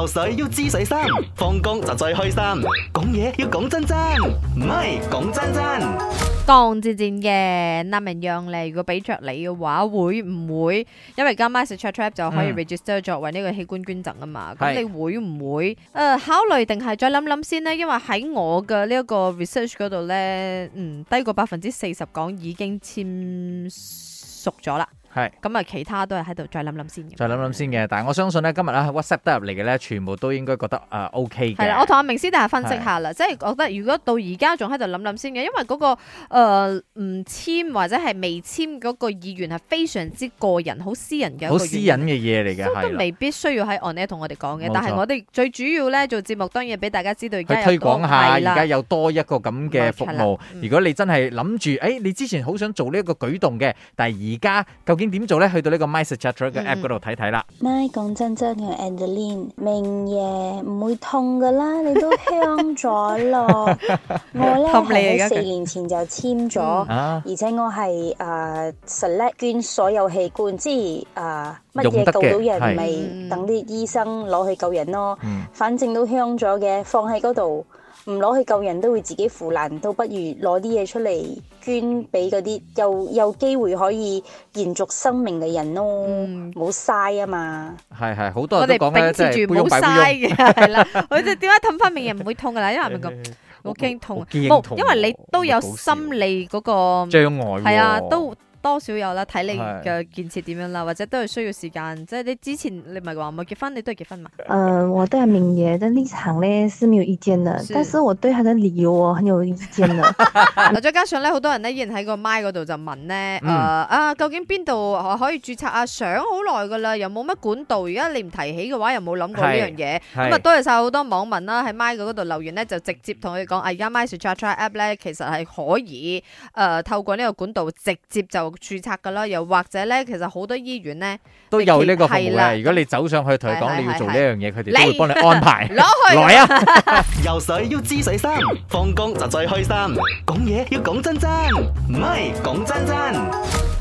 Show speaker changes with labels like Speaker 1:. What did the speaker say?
Speaker 1: 流水要知水深，放工就最開心。講嘢要講真真，唔係講真真。
Speaker 2: 講真真嘅 Nam And Young 咧，如果俾着你嘅話，會唔會？因為今晚食 Chat Chat 就可以 register 作為呢個器官捐贈啊嘛。咁你會唔會？誒，考慮定係再諗諗先呢？因為喺我嘅呢一個 research 嗰度咧，嗯，低過百分之四十講已經簽署咗啦。係咁啊！是其他都係喺度再諗諗先嘅，
Speaker 1: 再諗諗先嘅。但係我相信咧，今日咧 WhatsApp 得入嚟嘅咧，全部都應該覺得啊、呃、OK 嘅。係啦，我同
Speaker 2: 阿明師大家分析下啦，的即係覺得如果到而家仲喺度諗諗先嘅，因為嗰、那個誒唔簽或者係未簽嗰個意願係非常之個人、好私人嘅，好私隱
Speaker 1: 嘅嘢嚟嘅，都未
Speaker 2: 必需要喺 on air 同我哋講嘅。的但係我哋最主要咧做節目，當然俾大家知道，去推廣下而家
Speaker 1: 有多一個咁嘅的服務。嗯、如果你真係諗住誒，你之前好想做呢一個舉動嘅，但係而家點點做咧？去到呢個 m y s a g e t r a d e 嘅 app 嗰度睇睇啦。看
Speaker 3: 看 My 講真真嘅，Andaline，明夜唔會痛噶啦，你都香咗咯。 我咧係喺四年前就簽咗，嗯、而且我係誒 select 捐所有器官，即係誒乜嘢救到人咪等啲醫生攞去救人咯。嗯、反正都香咗嘅，放喺嗰度。唔攞去救人都會自己腐爛，都不如攞啲嘢出嚟捐俾嗰啲有有機會可以延續生命嘅人咯，冇嘥啊嘛。
Speaker 1: 係係好多人都講咧，即係冇嘥嘅，係
Speaker 2: 啦是。佢哋點解氹翻命人唔會痛噶啦？因為咁 我驚痛，冇因為你都有心理嗰、嗰個障礙、啊，係啊都。多少有啦，睇你嘅建設點樣啦，是或者都係需要時間。即係你之前你咪係話冇結婚，你都係結婚嘛？誒、呃，我都係明嘅。但呢行咧是沒有意見嘅，算但是我對他的理由我很有意見嘅。嗱， 再加上咧，好多人咧，依然喺個麥嗰度就問咧，誒、嗯呃、啊，究竟邊度可以註冊啊？想好耐嘅啦，又冇乜管道。而家你唔提起嘅話，又冇諗過呢樣嘢。咁啊，多謝晒好多網民啦，喺麥嗰度留言咧，就直接同佢講，而家 My s n a p c a App 咧，其實係可以誒、呃，透過呢個管道直接就。註冊㗎啦，又或者咧，其實好多醫院咧都有呢個服務。如果你
Speaker 1: 走上去同佢講你要做呢樣嘢，佢哋都會幫你安排。攞 去的， 來啊！ 游水，要知水深，放工就最開心。講嘢要講真真，唔係講真真。